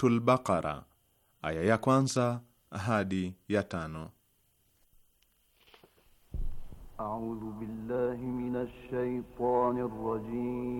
Suratul Baqara aya ya kwanza hadi ya tano. A'udhu billahi minash shaitani rrajim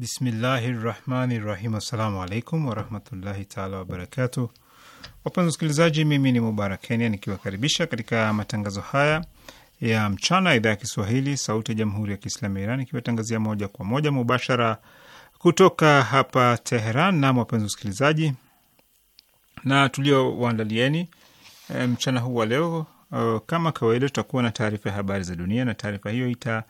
Bismillahi rahmani rahim. Assalamu alaikum warahmatullahi taala wabarakatu Wapenzi wasikilizaji, mimi ni Mubarak Kenya nikiwakaribisha katika matangazo haya ya mchana idhaa ya Kiswahili sauti ya jamhuri ya Kiislamu ya Iran ikiwatangazia moja kwa moja mubashara kutoka hapa Teheran. Nam, wapenzi wasikilizaji, na tuliowaandalieni eh, mchana huu wa leo, eh, kama kawaida, tutakuwa na taarifa ya habari za dunia na taarifa hiyo ita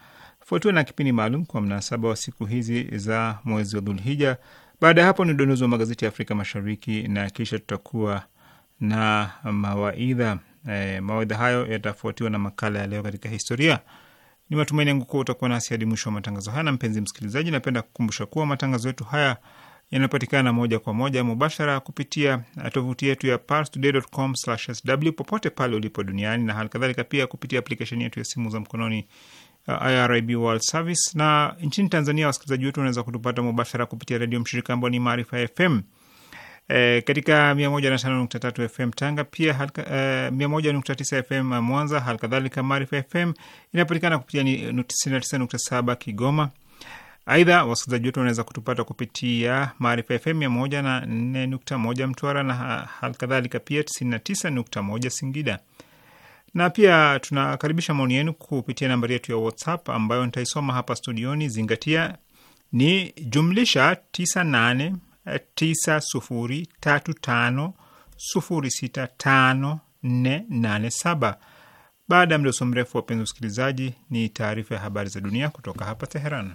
kufuatiwa na kipindi maalum kwa mnasaba wa siku hizi za mwezi wa Dhulhija. Baada ya hapo ni udondozi wa magazeti ya Afrika Mashariki na kisha tutakuwa na mawaidha. E, mawaidha hayo yatafuatiwa na makala ya leo katika historia. Ni matumaini yangu kuwa utakuwa nasi hadi mwisho wa matangazo haya. Na mpenzi msikilizaji, napenda kukumbusha kuwa matangazo yetu haya yanapatikana moja kwa moja mubashara kupitia tovuti yetu ya parstoday.com/sw popote pale ulipo duniani na halikadhalika pia kupitia aplikesheni yetu ya simu za mkononi Uh, IRIB World Service. Na nchini Tanzania, wasikilizaji wetu wanaweza kutupata mubashara kupitia redio mshirika ambao ni Maarifa FM e, eh, katika 105.3 FM Tanga, pia e, 101.9 FM Mwanza. Halikadhalika, Maarifa FM inapatikana kupitia 99.7 Kigoma. Aidha, wasikilizaji wetu wanaweza kutupata kupitia Maarifa FM mia moja na nne nukta moja Mtwara na ah, kadhalika pia tisa nukta moja Singida na pia tunakaribisha maoni yenu kupitia nambari yetu ya WhatsApp ambayo nitaisoma hapa studioni. Zingatia ni jumlisha 989035065487. Baada ya mdoso mrefu, wapenzi wasikilizaji, ni taarifa ya habari za dunia kutoka hapa Teheran.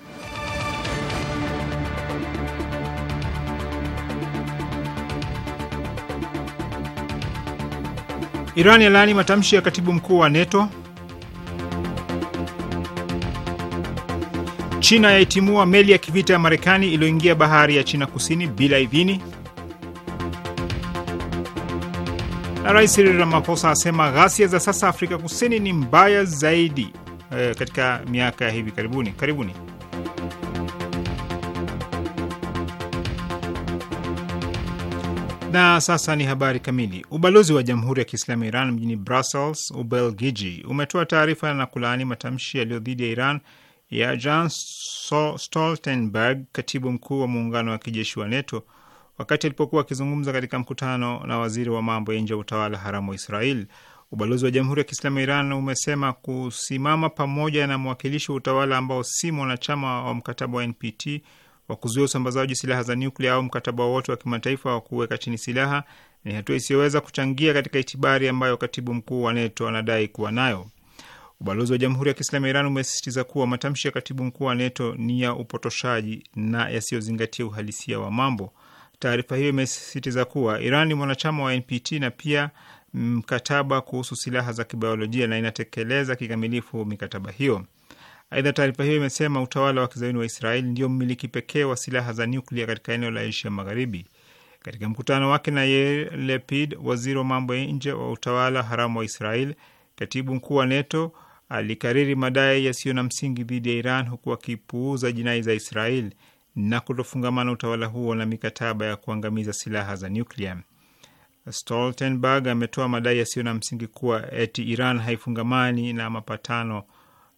Iran yalaani matamshi ya katibu mkuu wa NATO. China yaitimua meli ya kivita ya Marekani iliyoingia bahari ya China kusini bila idhini. Na Rais Cyril Ramaphosa asema ghasia za sasa Afrika Kusini ni mbaya zaidi e, katika miaka ya hivi karibuni karibuni. Na sasa ni habari kamili. Ubalozi wa Jamhuri ya Kiislamu ya Iran mjini Brussels, Ubelgiji, umetoa taarifa na kulaani matamshi yaliyo dhidi ya Iran ya Jens Stoltenberg, katibu mkuu wa muungano wa kijeshi wa NATO, wakati alipokuwa akizungumza katika mkutano na waziri wa mambo ya nje ya utawala haramu wa Israel. Ubalozi wa Jamhuri ya Kiislamu ya Iran umesema kusimama pamoja na mwakilishi wa utawala ambao si mwanachama wa mkataba wa NPT wa kuzuia usambazaji silaha za nyuklia au mkataba wowote wa kimataifa wa kuweka chini silaha ni hatua isiyoweza kuchangia katika itibari ambayo katibu mkuu wa NATO anadai kuwa nayo. Ubalozi wa Jamhuri ya Kiislamu ya Iran umesisitiza kuwa matamshi ya katibu mkuu wa NATO ni ya upotoshaji na yasiyozingatia uhalisia wa mambo. Taarifa hiyo imesisitiza kuwa Iran ni mwanachama wa NPT na pia mkataba kuhusu silaha za kibiolojia na inatekeleza kikamilifu mikataba hiyo. Aidha, taarifa hiyo imesema utawala wa kizayuni wa Israeli ndio mmiliki pekee wa silaha za nyuklia katika eneo la Asia Magharibi. Katika mkutano wake na Yair Lapid, waziri wa mambo ya nje wa utawala haramu wa Israel, katibu mkuu wa NATO alikariri madai yasiyo na msingi dhidi ya Iran huku akipuuza jinai za Israel na kutofungamana utawala huo na mikataba ya kuangamiza silaha za nyuklia. Stoltenberg ametoa madai yasiyo na msingi kuwa eti Iran haifungamani na mapatano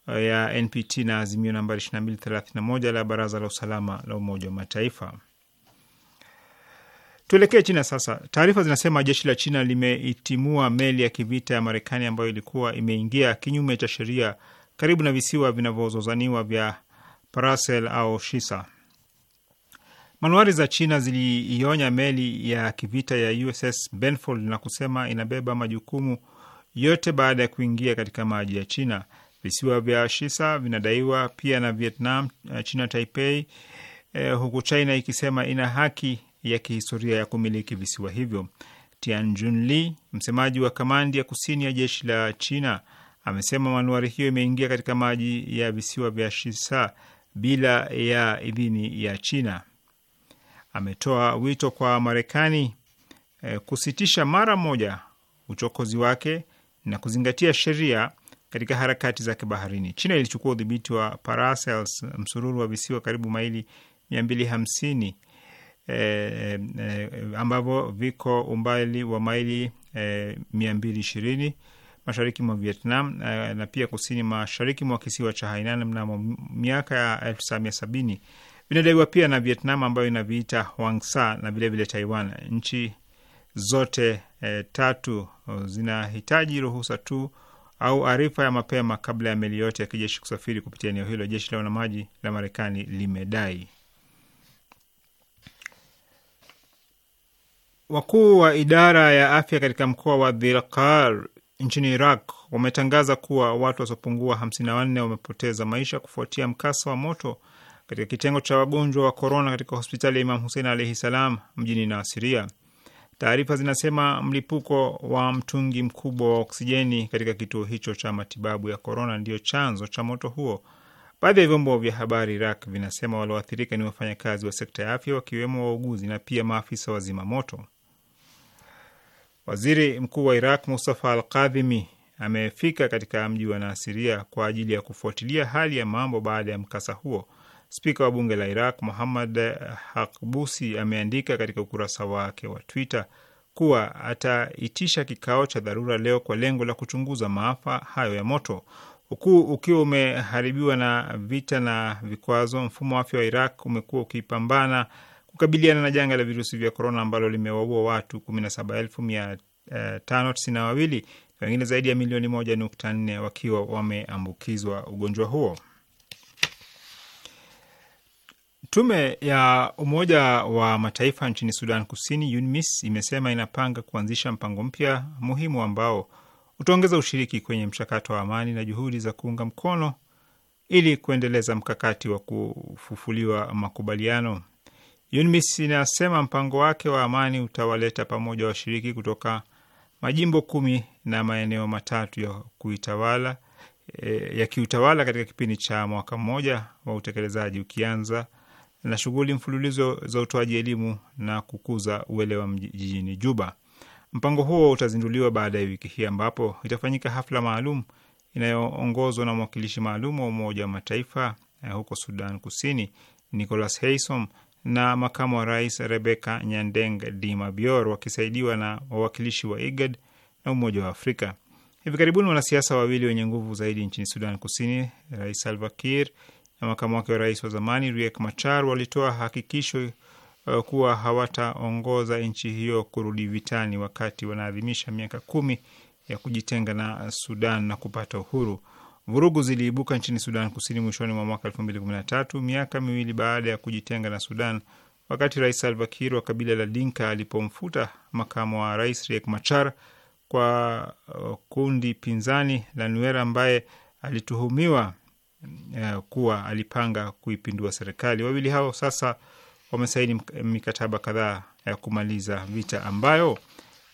ya NPT na azimio nambari 2231 la Baraza la Usalama la Umoja wa Mataifa. Tuelekee China sasa. Taarifa zinasema jeshi la China limeitimua meli ya kivita ya Marekani ambayo ilikuwa imeingia kinyume cha sheria karibu na visiwa vinavyozozaniwa vya Paracel au Shisa. Manuari za China ziliionya meli ya kivita ya USS Benfold na kusema inabeba majukumu yote baada ya kuingia katika maji ya China. Visiwa vya Shisa vinadaiwa pia na Vietnam, eh, China Taipei, eh, huku China ikisema ina haki ya kihistoria ya kumiliki visiwa hivyo. Tian Junli, msemaji wa kamandi ya kusini ya jeshi la China, amesema manuari hiyo imeingia katika maji ya visiwa vya Shisa bila ya idhini ya China. Ametoa wito kwa Marekani eh, kusitisha mara moja uchokozi wake na kuzingatia sheria katika harakati zake baharini. China ilichukua udhibiti wa Paracels, msururu wa visiwa karibu maili 250 e, e, ambavyo viko umbali wa maili e, eh, 220 mashariki mwa Vietnam e, na pia kusini mashariki mwa kisiwa cha Hainan mnamo miaka ya 1970. Vinadaiwa pia na Vietnam ambayo inaviita Wangsa na vilevile Taiwan. Nchi zote e, tatu oh, zinahitaji ruhusa tu au arifa ya mapema kabla ya meli yote ya kijeshi kusafiri kupitia eneo hilo, jeshi la wanamaji la Marekani limedai. Wakuu wa idara ya afya katika mkoa wa Dhilkar nchini Iraq wametangaza kuwa watu wasiopungua 54 wamepoteza maisha kufuatia mkasa wa moto katika kitengo cha wagonjwa wa korona katika hospitali ya Imam Husein alaihi salam mjini Nasiria. Taarifa zinasema mlipuko wa mtungi mkubwa wa oksijeni katika kituo hicho cha matibabu ya korona ndiyo chanzo cha moto huo. Baadhi ya vyombo vya habari Iraq vinasema walioathirika ni wafanyakazi wa sekta ya afya, wakiwemo wauguzi na pia maafisa wa zimamoto. Waziri mkuu wa Iraq Mustafa Al Kadhimi amefika katika mji wa Nasiria kwa ajili ya kufuatilia hali ya mambo baada ya mkasa huo. Spika wa bunge la Iraq Muhammad Hakbusi ameandika katika ukurasa wake wa Twitter kuwa ataitisha kikao cha dharura leo kwa lengo la kuchunguza maafa hayo ya moto. Huku ukiwa umeharibiwa na vita na vikwazo, mfumo wa afya wa Iraq umekuwa ukipambana kukabiliana na janga la virusi vya korona ambalo limewaua watu 17,592 eh, na wengine zaidi ya milioni 1.4 wakiwa wameambukizwa ugonjwa huo. Tume ya Umoja wa Mataifa nchini Sudan Kusini, UNMISS, imesema inapanga kuanzisha mpango mpya muhimu ambao utaongeza ushiriki kwenye mchakato wa amani na juhudi za kuunga mkono ili kuendeleza mkakati wa kufufuliwa makubaliano. UNMISS inasema mpango wake wa amani utawaleta pamoja washiriki kutoka majimbo kumi na maeneo matatu ya kuitawala, e, ya kiutawala katika kipindi cha mwaka mmoja wa utekelezaji ukianza na shughuli mfululizo za utoaji elimu na kukuza uelewa jijini Juba. Mpango huo utazinduliwa baada ya wiki hii ambapo itafanyika hafla maalum inayoongozwa na mwakilishi maalum wa Umoja wa Mataifa eh, huko Sudan Kusini, Nicholas Haysom na makamu wa rais rebeca Nyandeng Dima Bior wakisaidiwa na wawakilishi wa IGAD na Umoja wa Afrika. Hivi karibuni wanasiasa wawili wenye nguvu zaidi nchini Sudan Kusini, Rais Salva Kiir na makamu wake wa rais wa zamani Riek Machar walitoa hakikisho uh, kuwa hawataongoza nchi hiyo kurudi vitani wakati wanaadhimisha miaka kumi ya kujitenga na Sudan na kupata uhuru. Vurugu ziliibuka nchini Sudan Kusini mwishoni mwa mwaka 2013 miaka miwili baada ya kujitenga na Sudan, wakati Rais Salva Kiir wa kabila la Dinka alipomfuta makamu wa rais Riek Machar kwa uh, kundi pinzani la Nuer ambaye alituhumiwa Eh, kuwa alipanga kuipindua serikali. Wawili hao sasa wamesaini mikataba kadhaa ya kumaliza vita ambayo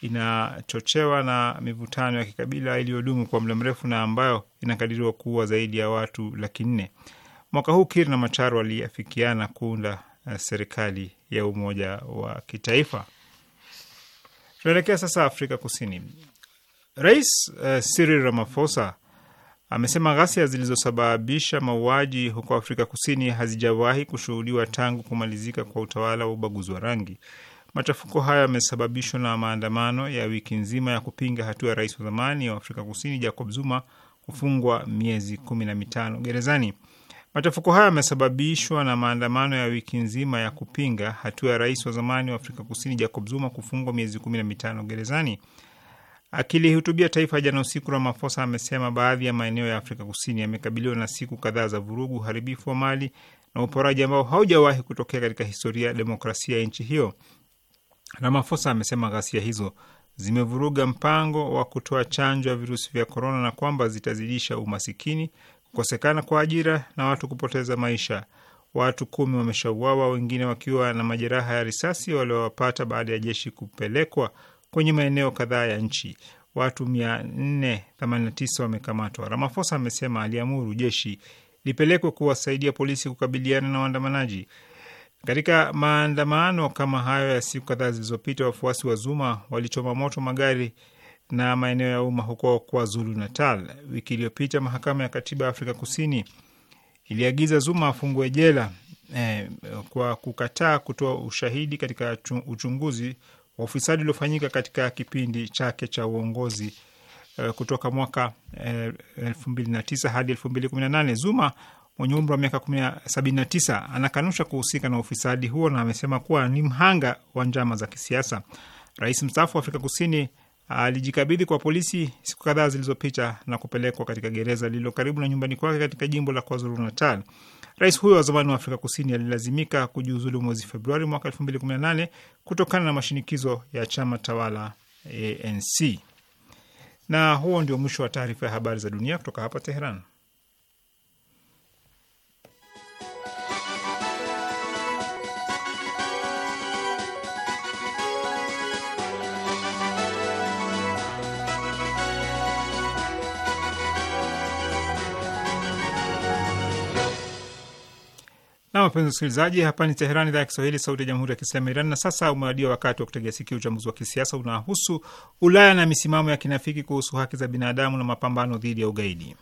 inachochewa na mivutano ya kikabila iliyodumu kwa muda mrefu na ambayo inakadiriwa kuwa zaidi ya watu laki nne. Mwaka huu Kir na Machar waliafikiana kuunda eh, serikali ya umoja wa kitaifa. Tunaelekea sasa Afrika Kusini. Rais uh, Cyril Ramaphosa amesema ghasia zilizosababisha mauaji huko Afrika Kusini hazijawahi kushuhudiwa tangu kumalizika kwa utawala wa ubaguzi wa rangi. Machafuko hayo yamesababishwa na maandamano ya wiki nzima ya kupinga hatua ya rais wa zamani wa Afrika Kusini Jacob Zuma kufungwa miezi kumi na mitano gerezani. Machafuko hayo yamesababishwa na maandamano ya wiki nzima ya kupinga hatua ya rais wa zamani wa Afrika Kusini Jacob Zuma kufungwa miezi kumi na mitano gerezani. Akilihutubia taifa jana usiku, ramafosa amesema baadhi ya maeneo ya Afrika Kusini yamekabiliwa na siku kadhaa za vurugu, uharibifu wa mali na uporaji ambao haujawahi kutokea katika historia ya demokrasia ya nchi hiyo. ramafosa amesema ghasia hizo zimevuruga mpango wa kutoa chanjo ya virusi vya korona na kwamba zitazidisha umasikini, kukosekana kwa ajira na watu kupoteza maisha. Watu kumi wameshauawa, wengine wakiwa na majeraha ya risasi waliowapata baada ya jeshi kupelekwa kwenye maeneo kadhaa ya nchi. Watu 489 wamekamatwa. Ramafosa amesema aliamuru jeshi lipelekwe kuwasaidia polisi kukabiliana na waandamanaji. Katika maandamano kama hayo ya siku kadhaa zilizopita, wafuasi wa Zuma walichoma moto magari na maeneo ya umma huko KwaZulu Natal. Wiki iliyopita mahakama ya katiba ya Afrika Kusini iliagiza Zuma afungwe jela eh, kwa kukataa kutoa ushahidi katika uchunguzi wa ufisadi uliofanyika katika kipindi chake cha uongozi uh, kutoka mwaka uh, mbili hadi 218 Zuma mwenye umri wa miaka 79 anakanusha kuhusika na ufisadi huo na amesema kuwa ni mhanga wa njama za kisiasa. Rais mstaafu wa Afrika Kusini ah, alijikabidhi kwa polisi siku kadhaa zilizopita na kupelekwa katika gereza lililo karibu na nyumbani kwake katika jimbo la KwaZulu Natal. Rais huyo wa zamani wa Afrika Kusini alilazimika kujiuzulu mwezi Februari mwaka 2018 kutokana na mashinikizo ya chama tawala ANC. Na huo ndio mwisho wa taarifa ya habari za dunia kutoka hapa Teheran. Na wapenzi wasikilizaji, hapa ni Teheran, idhaa ya Kiswahili, sauti ya jamhuri ya kiislamu Iran. Na sasa umewadia wakati wa kutegea sikio. Uchambuzi wa kisiasa unahusu Ulaya na misimamo ya kinafiki kuhusu haki za binadamu na mapambano dhidi ya ugaidi.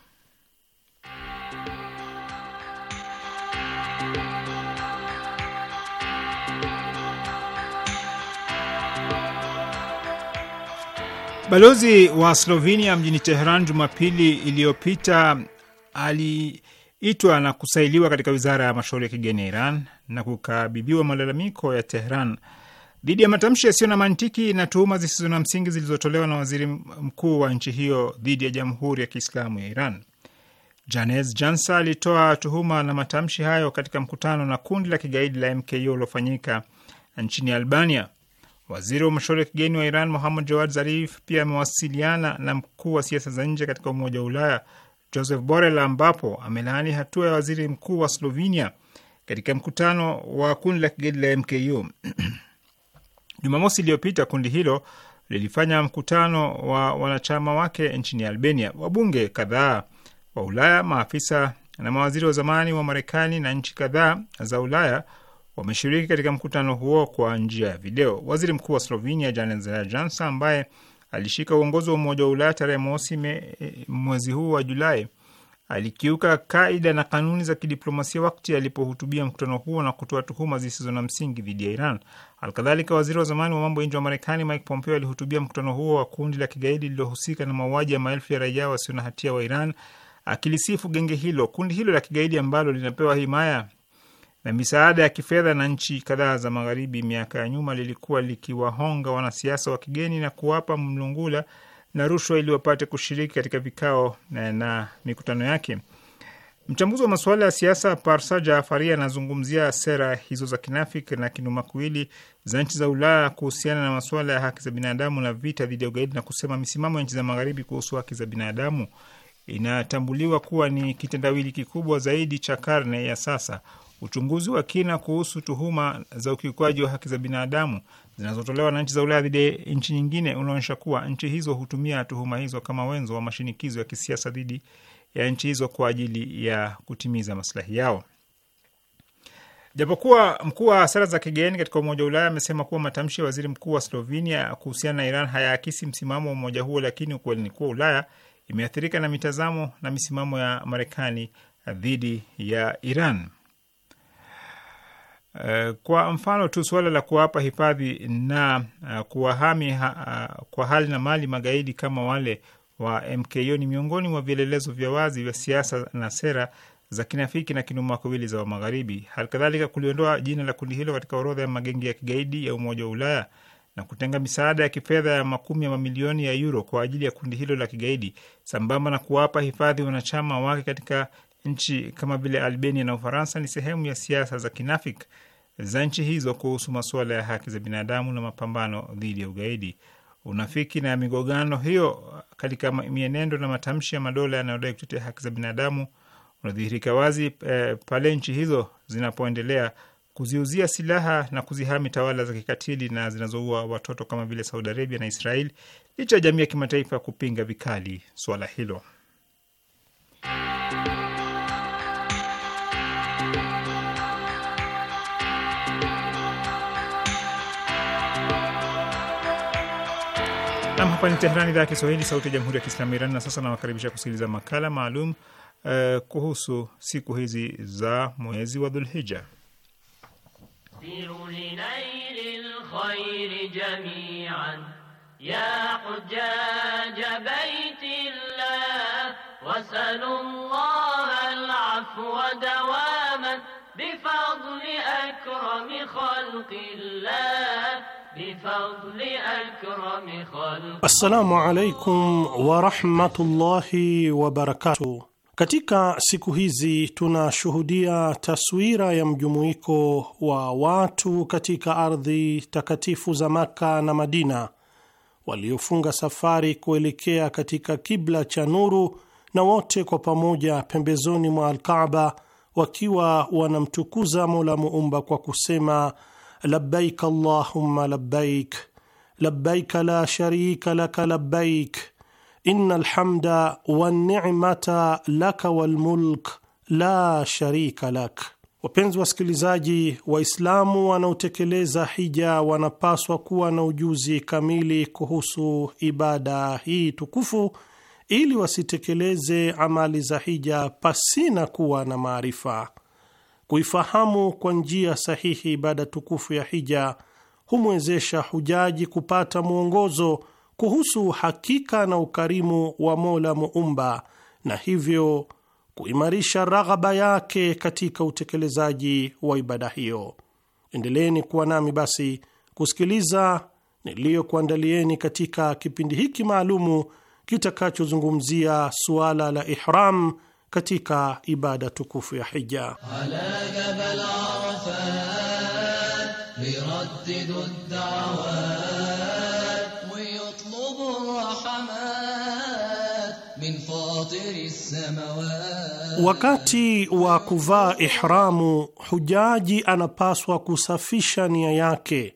Balozi wa Slovenia mjini Teheran Jumapili iliyopita ali itwa na kusailiwa katika wizara ya mashauri ya kigeni ya Iran na kukabidhiwa malalamiko ya Tehran dhidi ya matamshi yasiyo na mantiki na tuhuma zisizo na msingi zilizotolewa na waziri mkuu wa nchi hiyo dhidi ya Jamhuri ya Kiislamu ya Iran. Janez Jansa alitoa tuhuma na matamshi hayo katika mkutano na kundi la kigaidi la MKU uliofanyika nchini Albania. Waziri wa mashauri ya kigeni wa Iran Muhammad Jawad Zarif pia amewasiliana na mkuu wa siasa za nje katika Umoja wa Ulaya Joseph Borrell, ambapo amelaani hatua ya waziri mkuu wa Slovenia katika mkutano wa kundi la kigaidi la MKU. Jumamosi iliyopita kundi hilo lilifanya mkutano wa wanachama wake nchini Albania. Wabunge kadhaa wa Ulaya, maafisa na mawaziri wa zamani wa Marekani na nchi kadhaa za Ulaya wameshiriki katika mkutano huo kwa njia ya video. Waziri mkuu wa Slovenia Janez Janša ambaye alishika uongozi wa Umoja wa Ulaya tarehe mosi eh, mwezi huu wa Julai alikiuka kaida na kanuni za kidiplomasia wakati alipohutubia mkutano huo na kutoa tuhuma zisizo na msingi dhidi ya Iran. Alkadhalika, waziri wa zamani wa mambo ya nje wa Marekani Mike Pompeo alihutubia mkutano huo wa kundi la kigaidi lililohusika na mauaji ya maelfu ya raia wasio na hatia wa Iran, akilisifu genge hilo. Kundi hilo la kigaidi ambalo linapewa himaya na misaada ya kifedha na nchi kadhaa za magharibi miaka ya nyuma lilikuwa likiwahonga wanasiasa wa kigeni na kuwapa mlungula na rushwa ili wapate kushiriki katika vikao na, eh, na mikutano yake. Mchambuzi wa masuala ya siasa Parsa Jafaria anazungumzia sera hizo za kinafiki na kinumakuili za nchi za Ulaya kuhusiana na masuala ya haki za binadamu na vita dhidi ya ugaidi na kusema misimamo ya nchi za magharibi kuhusu haki za binadamu inatambuliwa kuwa ni kitendawili kikubwa zaidi cha karne ya sasa, uchunguzi wa kina kuhusu tuhuma za ukiukwaji wa haki za binadamu zinazotolewa na nchi za Ulaya dhidi ya nchi nyingine unaonyesha kuwa nchi hizo hutumia tuhuma hizo kama wenzo wa mashinikizo ya kisiasa dhidi ya nchi hizo kwa ajili ya kutimiza maslahi yao. Japokuwa mkuu wa sera za kigeni katika Umoja wa Ulaya amesema kuwa matamshi ya waziri mkuu wa Slovenia kuhusiana na Iran hayaakisi msimamo wa umoja huo, lakini ukweli ni kuwa Ulaya imeathirika na mitazamo na misimamo ya Marekani dhidi ya Iran. Eh, kwa mfano tu suala la kuwapa hifadhi na eh, kuwahami ha, eh, kwa hali na mali magaidi kama wale wa MKO ni miongoni mwa vielelezo vya wazi vya siasa na sera za kinafiki na kinumakawili za Wamagharibi. Halikadhalika, kuliondoa jina la kundi hilo katika orodha ya magengi ya kigaidi ya Umoja wa Ulaya na kutenga misaada ya kifedha ya makumi ya mamilioni ya euro kwa ajili ya kundi hilo la kigaidi, sambamba na kuwapa hifadhi wanachama wake katika nchi kama vile Albania na Ufaransa, ni sehemu ya siasa za kinafiki za nchi hizo kuhusu masuala ya haki za binadamu na mapambano dhidi ya ugaidi. Unafiki na migogano hiyo katika mienendo na matamshi ya madola yanayodai kutetea haki za binadamu unadhihirika wazi e, pale nchi hizo zinapoendelea kuziuzia silaha na kuzihami tawala za kikatili na zinazoua watoto kama vile Saudi Arabia na Israel licha ya jamii ya kimataifa kupinga vikali suala hilo. Hapa ni Tehrani, idhaa ya Kiswahili, sauti ya jamhuri ya kiislamu Iran. Na sasa nawakaribisha kusikiliza makala maalum uh, kuhusu siku hizi za mwezi wa Dhulhija. Assalamu alaikum warahmatullahi wabarakatu. Katika siku hizi tunashuhudia taswira ya mjumuiko wa watu katika ardhi takatifu za Maka na Madina waliofunga safari kuelekea katika kibla cha nuru, na wote kwa pamoja pembezoni mwa alkaba wakiwa wanamtukuza Mola Muumba kwa kusema labbaik allahumma labbaik labbaik la sharika laka labbaik inna alhamda wanni'mata laka walmulk la sharika lak. Wapenzi wasikilizaji, Waislamu wanaotekeleza hija wanapaswa kuwa na ujuzi kamili kuhusu ibada hii tukufu ili wasitekeleze amali za hija pasina kuwa na maarifa kuifahamu kwa njia sahihi ibada tukufu ya hija humwezesha hujaji kupata mwongozo kuhusu hakika na ukarimu wa Mola Muumba na hivyo kuimarisha raghaba yake katika utekelezaji wa ibada hiyo. Endeleeni kuwa nami basi kusikiliza niliyokuandalieni katika kipindi hiki maalumu kitakachozungumzia suala la ihram katika ibada tukufu ya hija. Wakati wa kuvaa ihramu, hujaji anapaswa kusafisha nia yake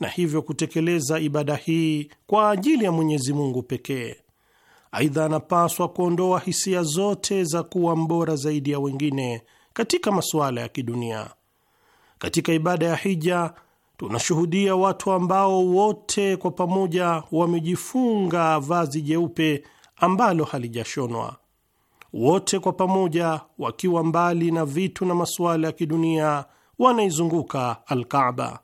na hivyo kutekeleza ibada hii kwa ajili ya Mwenyezi Mungu pekee. Aidha, anapaswa kuondoa hisia zote za kuwa mbora zaidi ya wengine katika masuala ya kidunia. Katika ibada ya hija tunashuhudia watu ambao wote kwa pamoja wamejifunga vazi jeupe ambalo halijashonwa, wote kwa pamoja wakiwa mbali na vitu na masuala ya kidunia, wanaizunguka Alkaaba.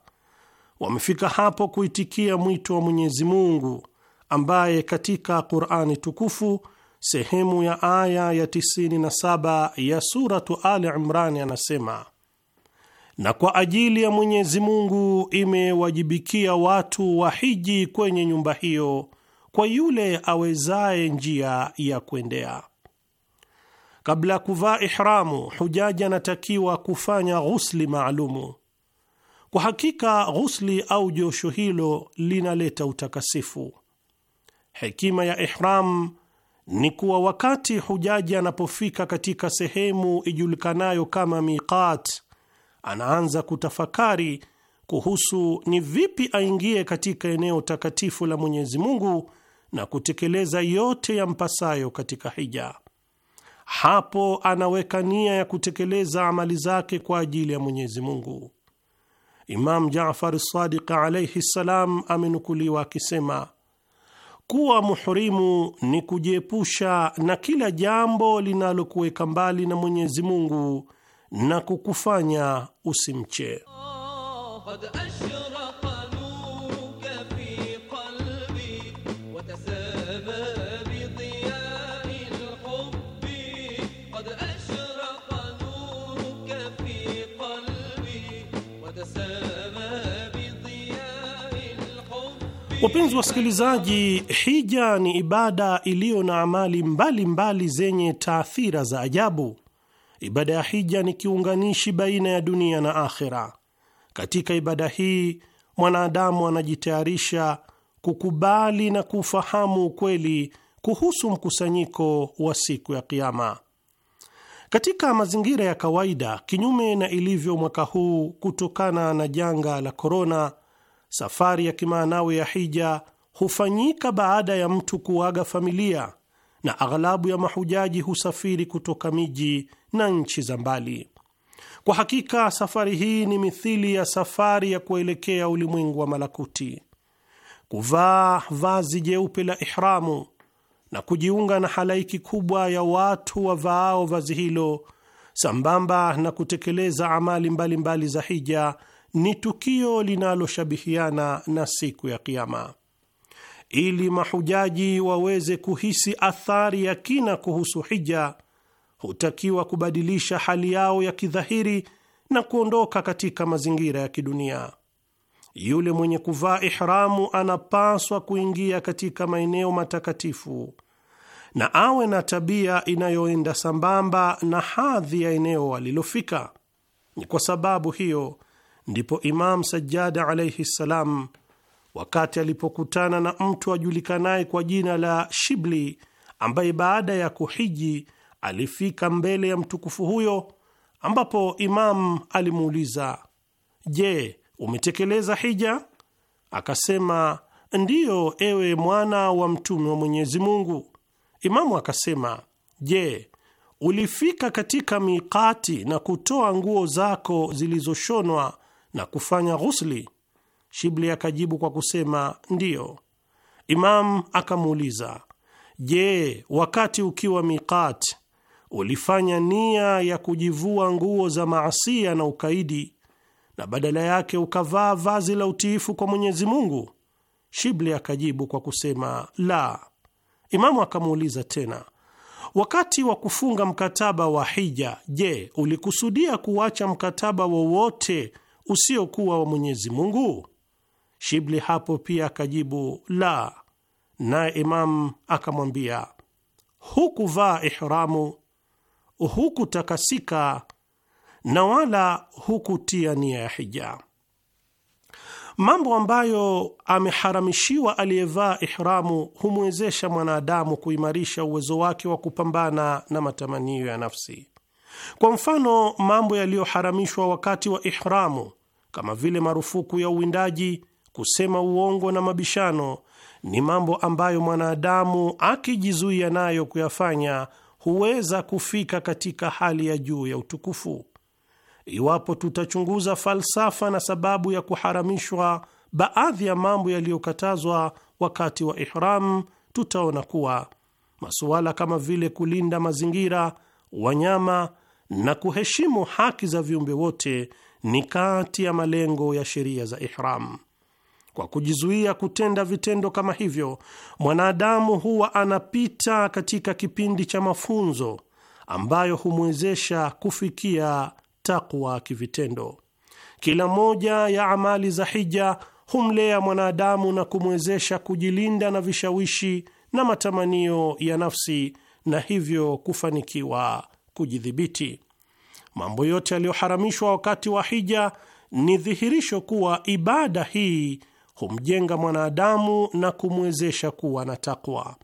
Wamefika hapo kuitikia mwito wa Mwenyezi Mungu ambaye katika Qur'ani tukufu sehemu ya aya ya 97 ya suratu Ali Imran anasema, na kwa ajili ya Mwenyezi Mungu imewajibikia watu wahiji kwenye nyumba hiyo kwa yule awezaye njia ya kuendea. Kabla ya kuvaa ihramu, hujaji anatakiwa kufanya ghusli maalumu. Kwa hakika ghusli au josho hilo linaleta utakasifu. Hekima ya ihram ni kuwa wakati hujaji anapofika katika sehemu ijulikanayo kama miqat, anaanza kutafakari kuhusu ni vipi aingie katika eneo takatifu la Mwenyezi Mungu na kutekeleza yote yampasayo katika hija. Hapo anaweka nia ya kutekeleza amali zake kwa ajili ya Mwenyezi Mungu. Imam Jafar Sadiq alaihi ssalam amenukuliwa akisema kuwa muhurimu ni kujiepusha na kila jambo linalokuweka mbali na Mwenyezi Mungu na kukufanya usimche. Oh, Wapenzi wasikilizaji, hija ni ibada iliyo na amali mbalimbali mbali zenye taathira za ajabu. Ibada ya hija ni kiunganishi baina ya dunia na akhira. Katika ibada hii mwanadamu anajitayarisha kukubali na kufahamu ukweli kuhusu mkusanyiko wa siku ya Kiama. Katika mazingira ya kawaida, kinyume na ilivyo mwaka huu kutokana na janga la korona, safari ya kimaanawe ya hija hufanyika baada ya mtu kuaga familia na aghalabu ya mahujaji husafiri kutoka miji na nchi za mbali. Kwa hakika safari hii ni mithili ya safari ya kuelekea ulimwengu wa malakuti. Kuvaa vazi jeupe la ihramu na kujiunga na halaiki kubwa ya watu wavaao vazi hilo, sambamba na kutekeleza amali mbalimbali mbali za hija ni tukio linaloshabihiana na siku ya Kiama. Ili mahujaji waweze kuhisi athari ya kina kuhusu hija, hutakiwa kubadilisha hali yao ya kidhahiri na kuondoka katika mazingira ya kidunia. Yule mwenye kuvaa ihramu anapaswa kuingia katika maeneo matakatifu na awe na tabia inayoenda sambamba na hadhi ya eneo alilofika. Ni kwa sababu hiyo ndipo Imam Sajjada alaihi ssalam, wakati alipokutana na mtu ajulikanaye kwa jina la Shibli, ambaye baada ya kuhiji alifika mbele ya mtukufu huyo, ambapo Imam alimuuliza, je, umetekeleza hija? Akasema, ndiyo, ewe mwana wa mtume wa Mwenyezi Mungu. Imamu akasema, je, ulifika katika miqati na kutoa nguo zako zilizoshonwa na kufanya ghusli? Shibli akajibu kwa kusema ndiyo. Imam akamuuliza, je, wakati ukiwa miqat ulifanya nia ya kujivua nguo za maasia na ukaidi na badala yake ukavaa vazi la utiifu kwa Mwenyezi Mungu? Shibli akajibu kwa kusema la. Imamu akamuuliza tena, wakati wa kufunga mkataba wa hija, je, ulikusudia kuacha mkataba wowote usiokuwa wa Mwenyezi Mungu? Shibli hapo pia akajibu la, naye Imam akamwambia hukuvaa ihramu, hukutakasika na wala hukutia nia ya hija, mambo ambayo ameharamishiwa aliyevaa ihramu. Humwezesha mwanadamu kuimarisha uwezo wake wa kupambana na matamanio ya nafsi. Kwa mfano, mambo yaliyoharamishwa wakati wa ihramu kama vile marufuku ya uwindaji, kusema uongo na mabishano ni mambo ambayo mwanadamu akijizuia nayo kuyafanya huweza kufika katika hali ya juu ya utukufu. Iwapo tutachunguza falsafa na sababu ya kuharamishwa baadhi ya mambo yaliyokatazwa wakati wa ihram, tutaona kuwa masuala kama vile kulinda mazingira, wanyama na kuheshimu haki za viumbe wote ni kati ya malengo ya sheria za ihram. Kwa kujizuia kutenda vitendo kama hivyo, mwanadamu huwa anapita katika kipindi cha mafunzo ambayo humwezesha kufikia takwa kivitendo. Kila moja ya amali za hija humlea mwanadamu na kumwezesha kujilinda na vishawishi na matamanio ya nafsi na hivyo kufanikiwa kujidhibiti. Mambo yote yaliyoharamishwa wakati wa hija ni dhihirisho kuwa ibada hii humjenga mwanadamu na kumwezesha kuwa na takwa.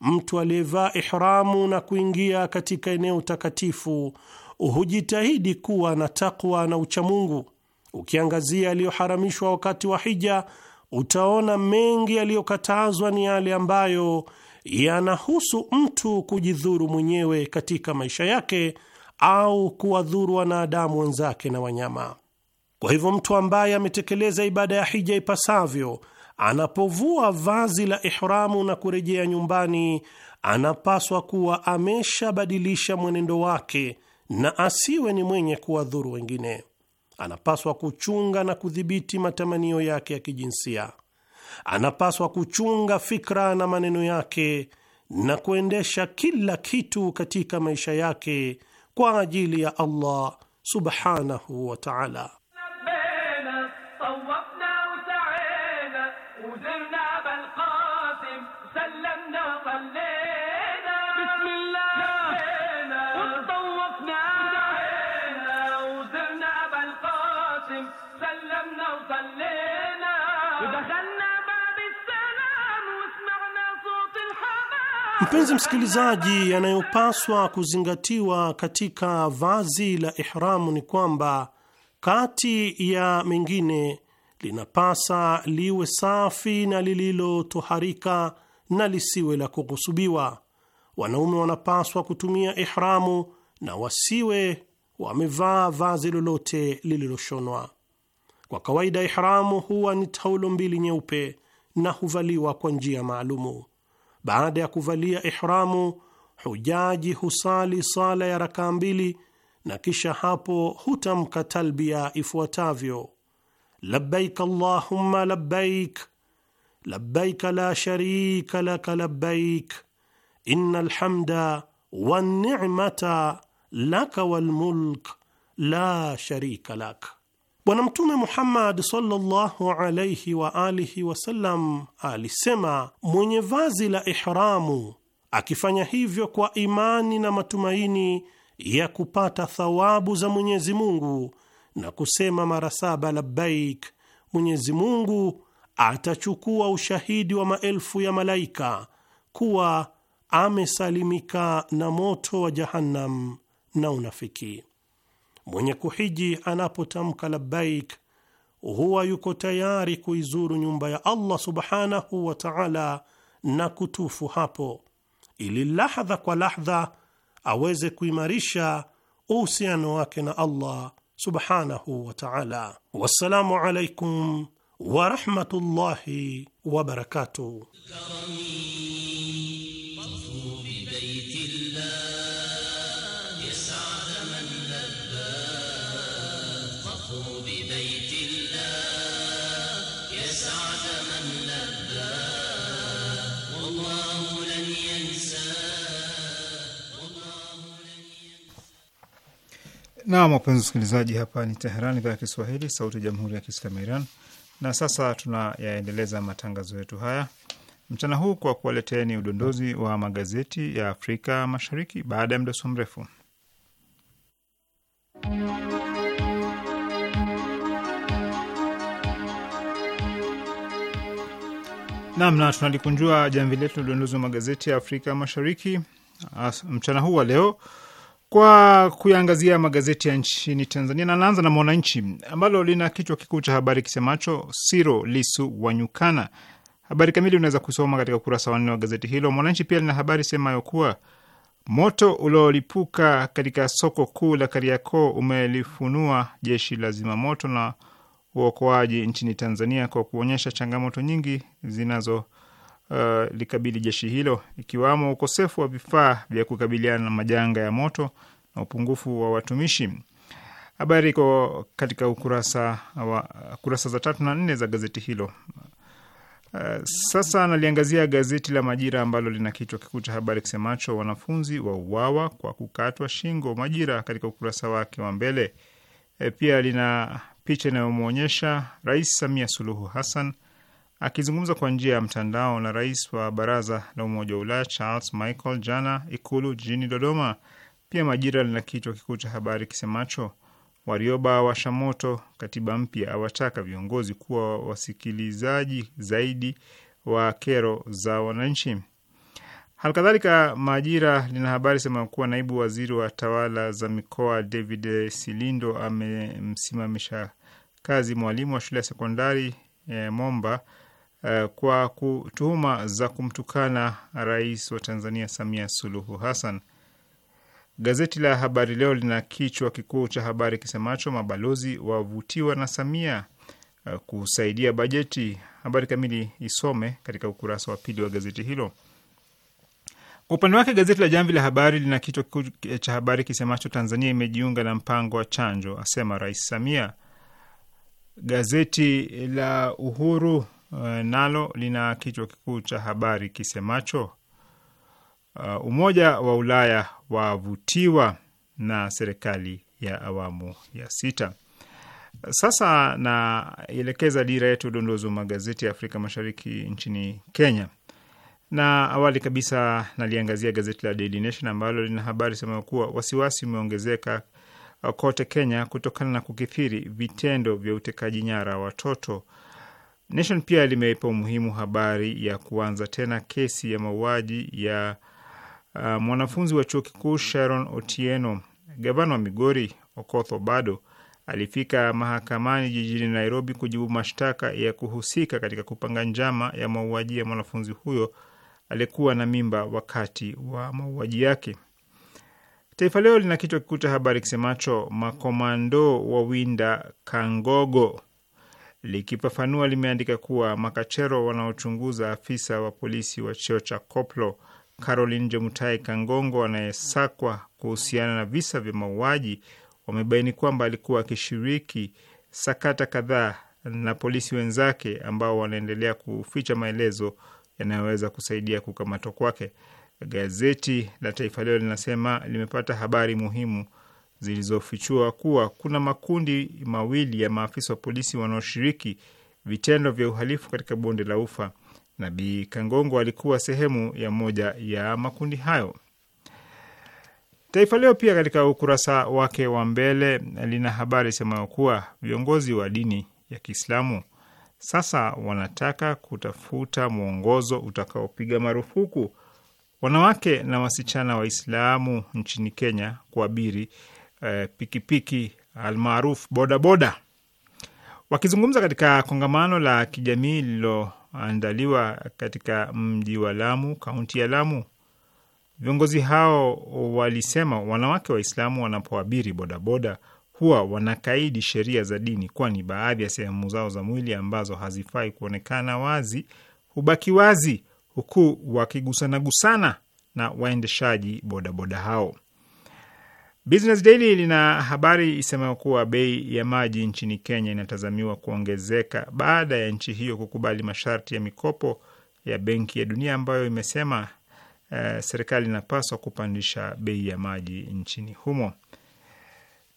Mtu aliyevaa ihramu na kuingia katika eneo takatifu hujitahidi kuwa na takwa na uchamungu. Ukiangazia yaliyoharamishwa wakati wa hija, utaona mengi yaliyokatazwa ni yale ambayo yanahusu mtu kujidhuru mwenyewe katika maisha yake au kuwadhuru wanadamu wenzake na wanyama. Kwa hivyo mtu ambaye ametekeleza ibada ya hija ipasavyo, anapovua vazi la ihramu na kurejea nyumbani, anapaswa kuwa ameshabadilisha mwenendo wake na asiwe ni mwenye kuwadhuru wengine. Anapaswa kuchunga na kudhibiti matamanio yake ya kijinsia anapaswa kuchunga fikra na maneno yake na kuendesha kila kitu katika maisha yake kwa ajili ya Allah subhanahu wa ta'ala. Mpenzi msikilizaji, yanayopaswa kuzingatiwa katika vazi la ihramu ni kwamba kati ya mengine linapasa liwe safi na lililotoharika na lisiwe la kughusubiwa. Wanaume wanapaswa kutumia ihramu na wasiwe wamevaa vazi lolote lililoshonwa. Kwa kawaida ihramu huwa ni taulo mbili nyeupe na huvaliwa kwa njia maalumu. Baada ya kuvalia ihramu, hujaji husali sala ya rakaa mbili na kisha hapo hutamka talbia ifuatavyo: labbaik allahumma labbaik labbaik la sharika laka labbaik inna alhamda wan ni'mata laka wal mulk la sharika lak Bwana Mtume Muhammad sallallahu alayhi wa alihi wasallam alisema, mwenye vazi la ihramu akifanya hivyo kwa imani na matumaini ya kupata thawabu za Mwenyezi Mungu na kusema mara saba labbaik, Mwenyezi Mungu atachukua ushahidi wa maelfu ya malaika kuwa amesalimika na moto wa Jahannam na unafiki. Mwenye kuhiji anapotamka labbaik, huwa yuko tayari kuizuru nyumba ya Allah subhanahu wa ta'ala na kutufu hapo, ili lahdha kwa lahdha aweze kuimarisha uhusiano wake na Allah subhanahu wa ta'ala. Wassalamu alaikum wa rahmatullahi wa barakatuh. Naam, wapenzi wasikilizaji, hapa ni teheran idhaa ya Kiswahili, sauti ya jamhuri ya kiislamu ya Iran. Na sasa tunayaendeleza matangazo yetu haya mchana huu kwa kuwaleteni udondozi wa magazeti ya Afrika Mashariki baada ya mdoso mrefu. nam na tunalikunjua jamvi letu udondozi wa magazeti ya Afrika Mashariki mchana huu wa leo kwa kuyaangazia magazeti ya nchini Tanzania, na naanza na Mwananchi ambalo lina kichwa kikuu cha habari kisemacho Siro Lisu wanyukana. Habari kamili unaweza kusoma katika ukurasa wa nne wa gazeti hilo. Mwananchi pia lina habari semayo kuwa moto uliolipuka katika soko kuu la Kariakoo umelifunua jeshi la zimamoto na uokoaji nchini Tanzania, kwa kuonyesha changamoto nyingi zinazo uh, likabili jeshi hilo ikiwamo ukosefu wa vifaa vya kukabiliana na majanga ya moto na upungufu wa watumishi. Habari iko katika ukurasa wa kurasa za tatu na nne za gazeti hilo. Uh, sasa analiangazia gazeti la Majira ambalo lina kichwa kikuu cha habari kisemacho wanafunzi wa kwa kukatwa shingo. Majira katika ukurasa wake wa mbele e, pia lina picha inayomwonyesha Rais Samia Suluhu Hassan Akizungumza kwa njia ya mtandao na rais wa baraza la Umoja wa Ulaya Charles Michael jana Ikulu jijini Dodoma. Pia Majira lina kichwa kikuu cha habari kisemacho Warioba washa moto katiba mpya, awataka viongozi kuwa wasikilizaji zaidi wa kero za wananchi. Halikadhalika, Majira lina habari sema kuwa naibu waziri wa tawala za mikoa David Silindo amemsimamisha kazi mwalimu wa shule ya sekondari e, Momba Eh, kwa kutuhuma za kumtukana rais wa Tanzania Samia Suluhu Hassan. Gazeti la Habari Leo lina kichwa kikuu cha habari kisemacho mabalozi wavutiwa na Samia eh, kusaidia bajeti. Habari kamili isome katika ukurasa wa pili wa gazeti hilo. Kwa upande wake gazeti la Jamvi la Habari lina kichwa kikuu cha habari kisemacho Tanzania imejiunga na mpango wa chanjo, asema Rais Samia. Gazeti la Uhuru Eh, nalo lina kichwa kikuu cha habari kisemacho uh, Umoja wa Ulaya wavutiwa na serikali ya awamu ya sita. Sasa naelekeza dira yetu udondozi wa magazeti ya Afrika Mashariki nchini Kenya, na awali kabisa naliangazia gazeti la Daily Nation ambalo lina habari sema kuwa wasiwasi umeongezeka eh, kote Kenya kutokana na kukithiri vitendo vya utekaji nyara watoto Nation pia limeipa umuhimu habari ya kuanza tena kesi ya mauaji ya uh, mwanafunzi wa chuo kikuu Sharon Otieno. Gavana wa Migori Okoth Obado alifika mahakamani jijini Nairobi kujibu mashtaka ya kuhusika katika kupanga njama ya mauaji ya mwanafunzi huyo aliyekuwa na mimba wakati wa mauaji yake. Taifa Leo lina kichwa kikuu cha habari kisemacho makomando wawinda Kangogo likifafanua limeandika kuwa makachero wanaochunguza afisa wa polisi wa cheo cha koplo Caroline Jemutai Kangongo anayesakwa kuhusiana na visa vya mauaji wamebaini kwamba alikuwa akishiriki sakata kadhaa na polisi wenzake ambao wanaendelea kuficha maelezo yanayoweza kusaidia kukamatwa kwake. Gazeti la Taifa Leo linasema limepata habari muhimu zilizofichua kuwa kuna makundi mawili ya maafisa wa polisi wanaoshiriki vitendo vya uhalifu katika bonde la Ufa na Bi Kangongo alikuwa sehemu ya moja ya makundi hayo. Taifa Leo pia katika ukurasa wake wa mbele lina habari semayo kuwa viongozi wa dini ya Kiislamu sasa wanataka kutafuta mwongozo utakaopiga marufuku wanawake na wasichana Waislamu nchini Kenya kuabiri eh, pikipiki almaarufu bodaboda. Wakizungumza katika kongamano la kijamii lililoandaliwa katika mji wa Lamu, kaunti ya Lamu, viongozi hao walisema wanawake Waislamu wanapoabiri bodaboda huwa wanakaidi sheria za dini, kwani baadhi ya sehemu zao za mwili ambazo hazifai kuonekana wazi hubaki wazi, huku wakigusanagusana na waendeshaji bodaboda hao. Business Daily lina habari isemayo kuwa bei ya maji nchini Kenya inatazamiwa kuongezeka baada ya nchi hiyo kukubali masharti ya mikopo ya Benki ya Dunia ambayo imesema eh, serikali inapaswa kupandisha bei ya maji nchini humo.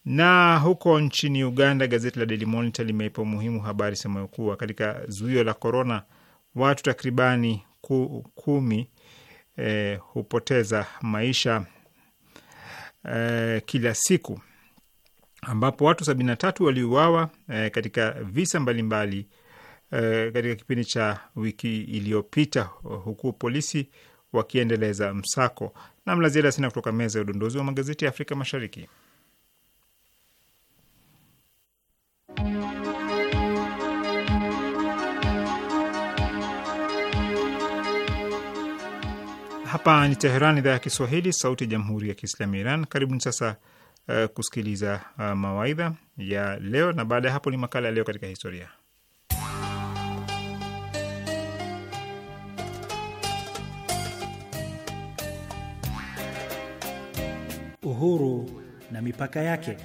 Na huko nchini Uganda, gazeti la Daily Monitor limeipa umuhimu habari semayo kuwa katika zuio la korona watu takribani ku, kumi eh, hupoteza maisha Eh, kila siku ambapo watu sabini na tatu waliuawa eh, katika visa mbalimbali mbali, eh, katika kipindi cha wiki iliyopita huku polisi wakiendeleza msako. Namla ziada sina kutoka meza ya udondozi wa magazeti ya Afrika Mashariki. Hapa ni Teheran, idhaa ya Kiswahili, sauti ya jamhuri ya kiislamu ya Iran. Karibuni sasa uh, kusikiliza uh, mawaidha ya leo, na baada ya hapo ni makala ya leo katika historia. Uhuru na mipaka yake.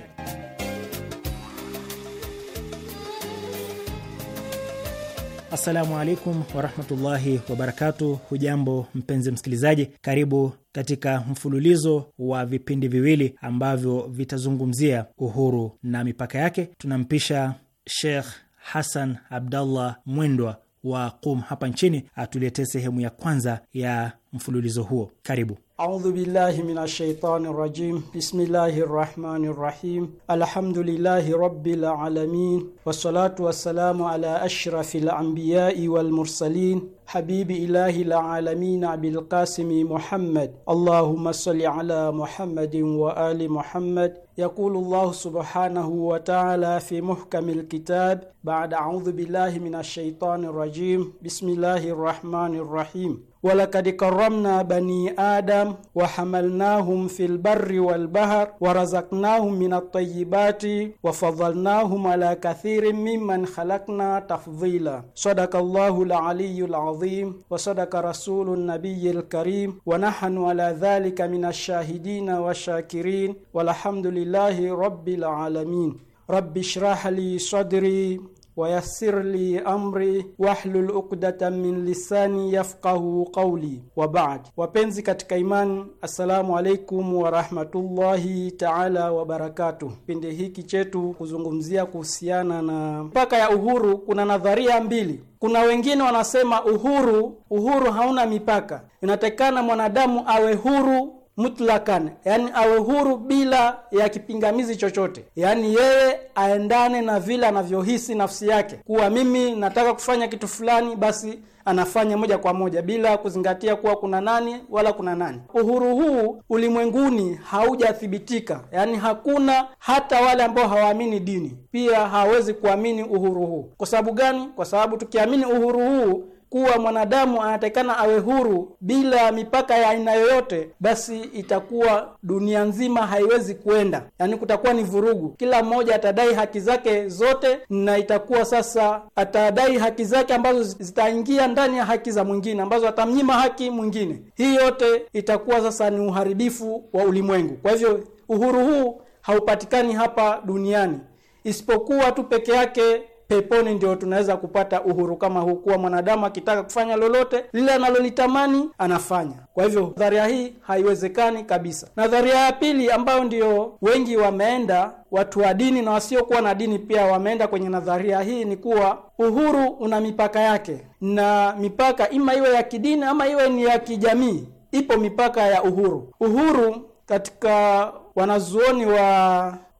Assalamu alaikum warahmatullahi wabarakatu. Hujambo mpenzi msikilizaji, karibu katika mfululizo wa vipindi viwili ambavyo vitazungumzia uhuru na mipaka yake. Tunampisha Sheikh Hasan Abdallah Mwendwa wa Qum hapa nchini atuletee sehemu ya kwanza ya mfululizo huo. Karibu. Audhu billahi min ashaitani rajim. Bismillahi rahmani rahim. Alhamdulillahi rabbil alamin wassalatu wassalamu ala ashrafi lambiyai walmursalin habibi ilahi lalamin abilqasimi Muhammad. Allahumma salli ala Muhammadin wa ali Muhammad. يقول الله سبحانه وتعالى في محكم الكتاب بعد أعوذ بالله من الشيطان rajim bismillahi الله الرحمن rahim ولقد كرمنا بني آدم وحملناهم في البر والبحر ورزقناهم من الطيبات وفضلناهم على كثير ممن خلقنا تفضيلا صدق الله العلي العظيم وصدق رسول النبي الكريم ونحن على ذلك من الشاهدين والشاكرين والحمد لله رب العالمين رب اشرح لي صدري wayassir li amri wahlul uqdata min lisani yafqahu qawli. Wa baad, wapenzi katika imani, assalamu alaikum warahmatullahi taala wabarakatuh. Kipindi hiki chetu kuzungumzia kuhusiana na mipaka ya uhuru, kuna nadharia mbili. Kuna wengine wanasema uhuru, uhuru hauna mipaka, inatakikana mwanadamu awe huru mutlakan, yani awe huru bila ya kipingamizi chochote, yani yeye aendane na vile anavyohisi nafsi yake kuwa mimi nataka kufanya kitu fulani, basi anafanya moja kwa moja bila kuzingatia kuwa kuna nani wala kuna nani. Uhuru huu ulimwenguni haujathibitika, yani hakuna hata wale ambao hawaamini dini pia hawezi kuamini uhuru huu. Kwa sababu gani? Kwa sababu tukiamini uhuru huu kuwa mwanadamu anatakikana awe huru bila mipaka ya aina yoyote, basi itakuwa dunia nzima haiwezi kuenda, yaani kutakuwa ni vurugu, kila mmoja atadai haki zake zote, na itakuwa sasa atadai haki zake ambazo zitaingia ndani ya haki za mwingine, ambazo atamnyima haki mwingine. Hii yote itakuwa sasa ni uharibifu wa ulimwengu. Kwa hivyo uhuru huu haupatikani hapa duniani isipokuwa tu peke yake peponi ndio tunaweza kupata uhuru kama huu, kuwa mwanadamu akitaka kufanya lolote lile analolitamani anafanya. Kwa hivyo nadharia hii haiwezekani kabisa. Nadharia ya pili ambayo ndio wengi wameenda, watu wa dini na wasiokuwa na dini pia wameenda kwenye nadharia hii, ni kuwa uhuru una mipaka yake, na mipaka ima iwe ya kidini ama iwe ni ya kijamii. Ipo mipaka ya uhuru. Uhuru katika wanazuoni wa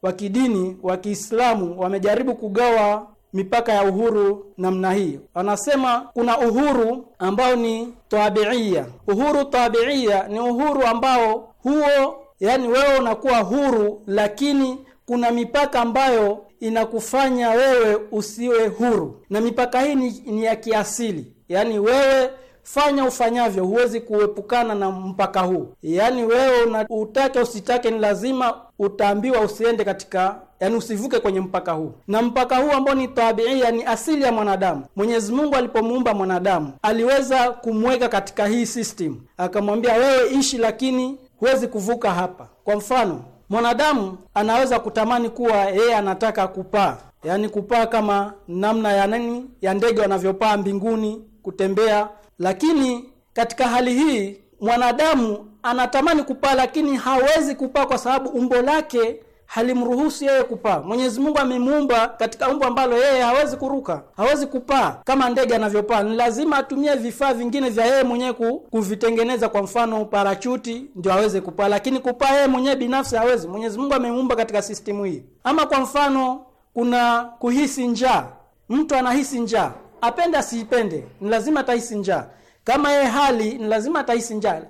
wa kidini wa Kiislamu wamejaribu kugawa mipaka ya uhuru namna hiyo. Anasema kuna uhuru ambao ni tabiia. Uhuru tabiia ni uhuru ambao huo, yani wewe unakuwa huru, lakini kuna mipaka ambayo inakufanya wewe usiwe huru, na mipaka hii ni, ni ya kiasili, yani wewe fanya ufanyavyo, huwezi kuepukana na mpaka huu. Yaani wewe utake usitake, ni lazima utaambiwa usiende katika yani usivuke kwenye mpaka huu. Na mpaka huu ambao ni tabiia, ni asili ya mwanadamu. Mwenyezi Mungu alipomuumba mwanadamu aliweza kumweka katika hii system, akamwambia wewe ishi, lakini huwezi kuvuka hapa. Kwa mfano, mwanadamu anaweza kutamani kuwa yeye anataka kupaa, yani kupaa kama namna ya nani ya ndege wanavyopaa mbinguni, kutembea lakini katika hali hii mwanadamu anatamani kupaa lakini hawezi kupaa kwa sababu umbo lake halimruhusu yeye kupaa. Mwenyezi Mungu amemuumba katika umbo ambalo yeye hawezi kuruka, hawezi kupaa kama ndege anavyopaa. Ni lazima atumie vifaa vingine vya yeye mwenyewe kuvitengeneza, kwa mfano parachuti, ndio aweze kupaa, lakini kupaa yeye mwenyewe binafsi hawezi. Mwenyezi Mungu amemuumba katika sistimu hii. Ama kwa mfano kuna kuhisi njaa, mtu anahisi njaa apende asiipende ni lazima atahisi njaa kama yeye hali ni lazima atahisi njaa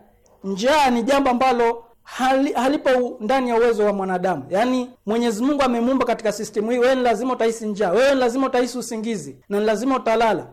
njaa ni jambo ambalo hali, halipo ndani ya uwezo wa mwanadamu yaani mwenyezi mungu amemuumba katika sistemu hii wewe ni lazima utahisi njaa wewe ni lazima utahisi usingizi na ni lazima utalala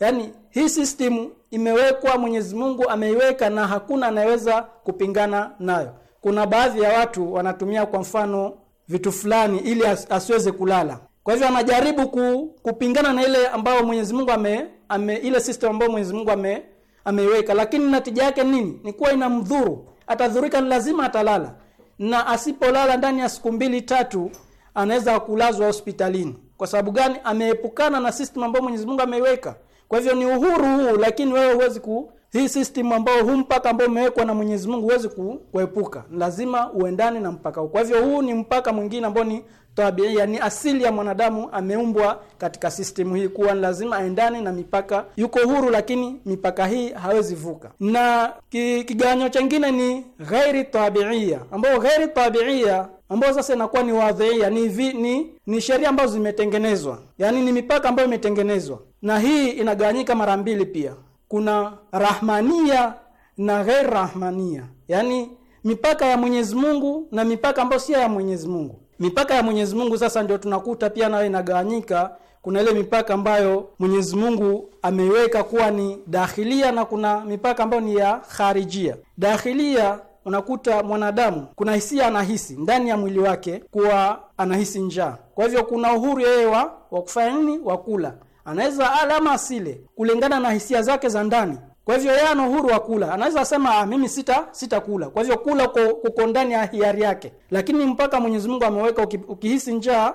yaani hii sistemu imewekwa mwenyezi mungu ameiweka na hakuna anayeweza kupingana nayo kuna baadhi ya watu wanatumia kwa mfano vitu fulani ili asiweze kulala kwa hivyo anajaribu ku, kupingana na ile ambayo Mwenyezi Mungu ame, ame ile system ambayo Mwenyezi Mungu ame ameiweka, lakini natija yake nini? Ni kuwa inamdhuru, atadhurika, ni lazima atalala, na asipolala ndani ya siku mbili tatu anaweza kulazwa hospitalini. Kwa sababu gani? Ameepukana na system ambayo Mwenyezi Mungu ameiweka. Kwa hivyo ni uhuru huu, lakini wewe huwezi ku, hii system ambayo huu mpaka ambao umewekwa na Mwenyezi Mungu huwezi kuepuka, lazima uendane na mpaka huu. Kwa hivyo huu ni mpaka mwingine ambao ni tabia, ni asili ya mwanadamu, ameumbwa katika system hii kuwa lazima aendane na mipaka. Yuko huru, lakini mipaka hii hawezi vuka. Na kigawanyo chengine ni ghairi tabiia, ambao ghairi tabiia ambao sasa inakuwa ni wadhiia, ni vi, ni, ni sheria ambazo zimetengenezwa, yaani ni mipaka ambayo imetengenezwa, na hii inagawanyika mara mbili pia kuna rahmania na ghair rahmania, yaani mipaka ya Mwenyezi Mungu na mipaka ambayo si ya Mwenyezi Mungu. Mipaka ya Mwenyezi Mungu sasa ndio tunakuta pia nayo inagawanyika. Kuna ile mipaka ambayo Mwenyezi Mungu ameiweka kuwa ni dakhilia na kuna mipaka ambayo ni ya kharijia. Dakhilia unakuta mwanadamu kuna hisia anahisi ndani ya mwili wake kuwa anahisi njaa, kwa hivyo kuna uhuru yeye wa kufanya nini, wa kula anaweza ale ama asile kulingana na hisia zake za ndani. Kwa hivyo yeye ana uhuru wa kula, anaweza sema ah, mimi sita sitakula. Kwa hivyo kula kuko ndani ya hiari yake, lakini mpaka Mwenyezi Mungu ameweka, ukihisi njaa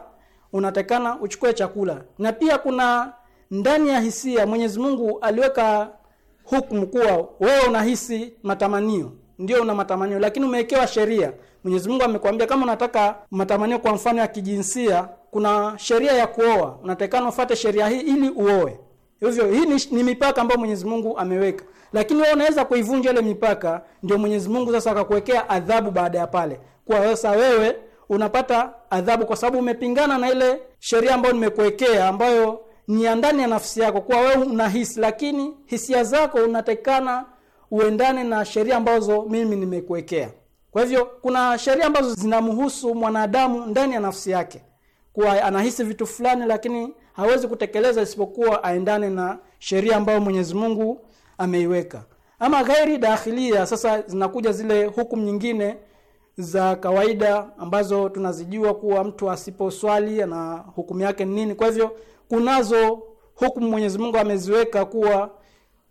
unatakana uchukue chakula. Na pia kuna ndani ya hisia Mwenyezi Mungu aliweka hukumu kuwa wewe unahisi matamanio ndio una matamanio, lakini umewekewa sheria. Mwenyezi Mungu amekwambia kama unataka matamanio, kwa mfano ya kijinsia, kuna sheria ya kuoa unatakikana ufate sheria hii ili uoe hivyo hii ni, ni mipaka ambayo Mwenyezi Mungu ameweka lakini wewe unaweza kuivunja ile mipaka ndio Mwenyezi Mungu sasa akakuwekea adhabu baada ya pale kwa sasa wewe unapata adhabu kwa sababu umepingana na ile sheria ambayo nimekuwekea ambayo ni ya ndani ya nafsi yako kwa wewe unahisi lakini hisia zako unatekana uendane na sheria ambazo mimi nimekuwekea kwa hivyo kuna sheria ambazo zinamhusu mwanadamu ndani ya nafsi yake kuwa anahisi vitu fulani lakini hawezi kutekeleza isipokuwa aendane na sheria ambayo Mwenyezi Mungu ameiweka ama ghairi dakhilia sasa zinakuja zile hukumu nyingine za kawaida ambazo tunazijua kuwa mtu asiposwali na hukumu yake nini kwa hivyo kunazo hukumu Mwenyezi Mungu ameziweka kuwa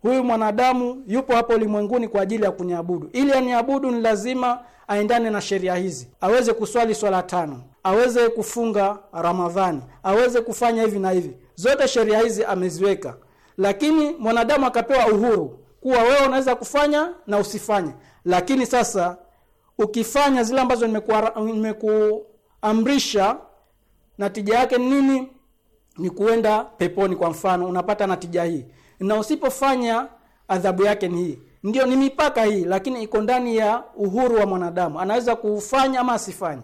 huyu mwanadamu yupo hapo ulimwenguni kwa ajili ya kuniabudu ili aniabudu ni lazima aendane na sheria hizi, aweze kuswali swala tano, aweze kufunga Ramadhani, aweze kufanya hivi na hivi. Zote sheria hizi ameziweka, lakini mwanadamu akapewa uhuru kuwa wewe unaweza kufanya na usifanye. Lakini sasa ukifanya zile ambazo nimekuamrisha, natija yake nini? Ni kuenda peponi. Kwa mfano, unapata natija hii, na usipofanya adhabu yake ni hii ndio ni mipaka hii lakini iko ndani ya uhuru wa mwanadamu anaweza kufanya ama asifanye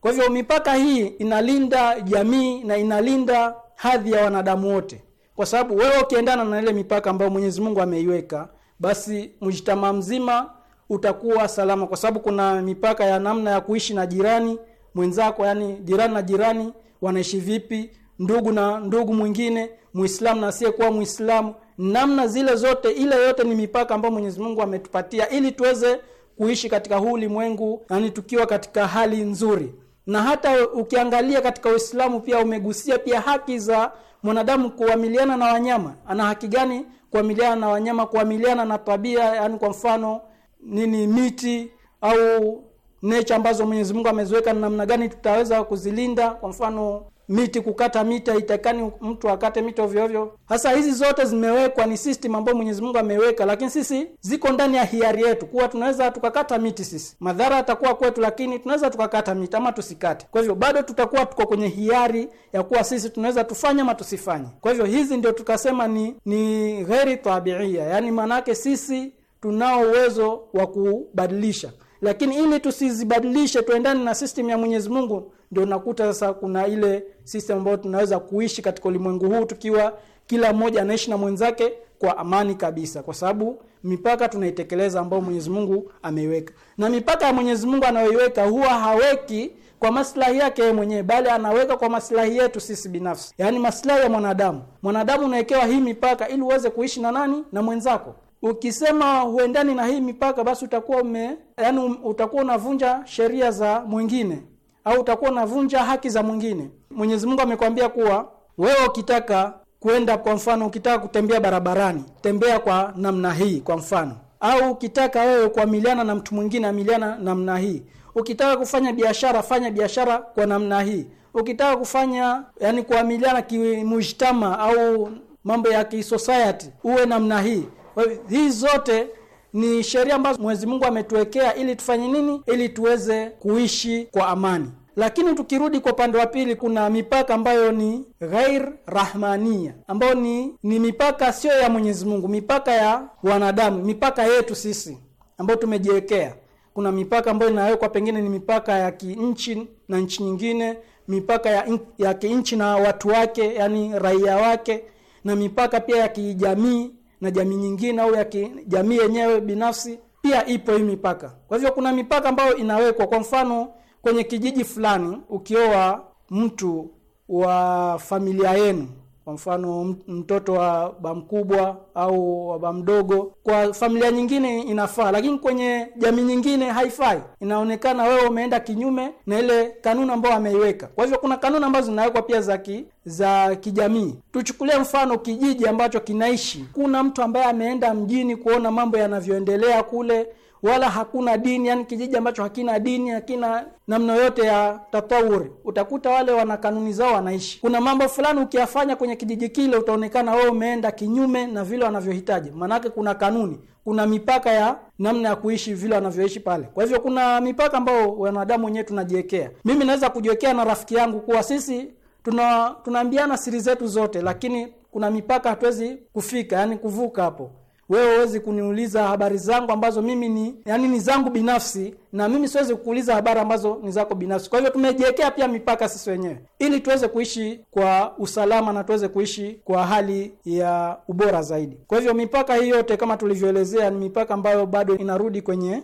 kwa hivyo mipaka hii inalinda jamii na inalinda hadhi ya wanadamu wote kwa sababu wewe ukiendana na ile mipaka ambayo mwenyezi mungu ameiweka basi mjitama mzima utakuwa salama kwa sababu kuna mipaka ya namna ya kuishi na jirani mwenzako yani jirani na jirani wanaishi vipi ndugu na ndugu mwingine muislamu na asiyekuwa muislamu namna zile zote ile yote ni mipaka ambayo Mwenyezi Mungu ametupatia ili tuweze kuishi katika huu ulimwengu yani tukiwa katika hali nzuri na hata ukiangalia katika Uislamu pia umegusia pia haki za mwanadamu kuamiliana na wanyama ana haki gani kuamiliana na wanyama kuamiliana na tabia yani kwa mfano nini miti au nature ambazo Mwenyezi Mungu ameziweka namna gani tutaweza kuzilinda kwa mfano miti kukata miti haitakani mtu akate miti ovyo ovyo. Hasa hizi zote zimewekwa, ni system ambayo Mwenyezi Mungu ameweka, lakini sisi ziko ndani ya hiari yetu kuwa tunaweza tukakata miti sisi, madhara yatakuwa kwetu, lakini tunaweza tukakata miti ama tusikate. Kwa hivyo bado tutakuwa tuko kwenye hiari ya kuwa sisi tunaweza tufanye ama tusifanye. Kwa hivyo hizi ndio tukasema ni ni gheri tabiia, yani maanaake sisi tunao uwezo wa kubadilisha lakini ili tusizibadilishe tuendane na system ya Mwenyezi Mungu ndio nakuta sasa kuna ile system ambayo tunaweza kuishi katika ulimwengu huu tukiwa kila mmoja anaishi na mwenzake kwa amani kabisa kwa sababu mipaka tunaitekeleza ambayo Mwenyezi Mungu ameiweka na mipaka ya Mwenyezi Mungu anayoiweka huwa haweki kwa maslahi yake yeye mwenyewe bali anaweka kwa maslahi yetu sisi binafsi yaani maslahi ya mwanadamu mwanadamu unawekewa hii mipaka ili uweze kuishi na nani na mwenzako ukisema huendani na hii mipaka basi utakuwa ume yani utakuwa unavunja sheria za mwingine au utakuwa unavunja haki za mwingine Mwenyezi Mungu amekwambia kuwa wewe ukitaka kwenda kwa mfano ukitaka kutembea barabarani tembea kwa namna hii kwa mfano au ukitaka wewe kuamiliana na mtu mwingine amiliana namna hii ukitaka kufanya biashara fanya biashara kwa namna hii ukitaka kufanya yani kuamiliana kimujtama au mambo ya kisociety uwe namna hii kwa hivyo hizi zote ni sheria ambazo Mwenyezi Mungu ametuwekea ili tufanye nini? Ili tuweze kuishi kwa amani. Lakini tukirudi kwa upande wa pili, kuna mipaka ambayo ni ghair rahmania, ambayo ni ni mipaka sio ya Mwenyezi Mungu, mipaka ya wanadamu, mipaka yetu sisi ambayo tumejiwekea. Kuna mipaka ambayo inawekwa, pengine ni mipaka ya kinchi na nchi nyingine, mipaka ya, in, ya kinchi na watu wake, yani raia wake, na mipaka pia ya kijamii na jamii nyingine au ya jamii yenyewe binafsi pia ipo hii mipaka. Kwa hivyo kuna mipaka ambayo inawekwa, kwa mfano kwenye kijiji fulani, ukioa mtu wa familia yenu kwa mfano mtoto wa ba mkubwa au wa ba mdogo. Kwa familia nyingine inafaa, lakini kwenye jamii nyingine haifai. Inaonekana wewe umeenda kinyume na ile kanuni ambayo ameiweka. Kwa hivyo kuna kanuni ambazo zinawekwa pia za ki, za kijamii. Tuchukulie mfano kijiji ambacho kinaishi, kuna mtu ambaye ameenda mjini kuona mambo yanavyoendelea kule wala hakuna dini, yani kijiji ambacho hakina dini, hakina namna yote ya tatawuri. Utakuta wale wana kanuni zao wanaishi. Kuna mambo fulani ukiyafanya kwenye kijiji kile, utaonekana wewe umeenda kinyume na vile wanavyohitaji, maanake kuna kanuni, kuna mipaka ya namna ya kuishi vile wanavyoishi pale. Kwa hivyo kuna mipaka ambayo wanadamu wenyewe tunajiwekea. Mimi naweza kujiwekea na rafiki yangu kuwa sisi tuna tunaambiana siri zetu zote, lakini kuna mipaka hatuwezi kufika, yani kuvuka hapo wewe huwezi kuniuliza habari zangu ambazo mimi ni yani ni zangu binafsi, na mimi siwezi kukuuliza habari ambazo ni zako binafsi. Kwa hivyo tumejiwekea pia mipaka sisi wenyewe ili tuweze kuishi kwa usalama na tuweze kuishi kwa hali ya ubora zaidi. Kwa hivyo mipaka hii yote kama tulivyoelezea ni mipaka ambayo bado inarudi kwenye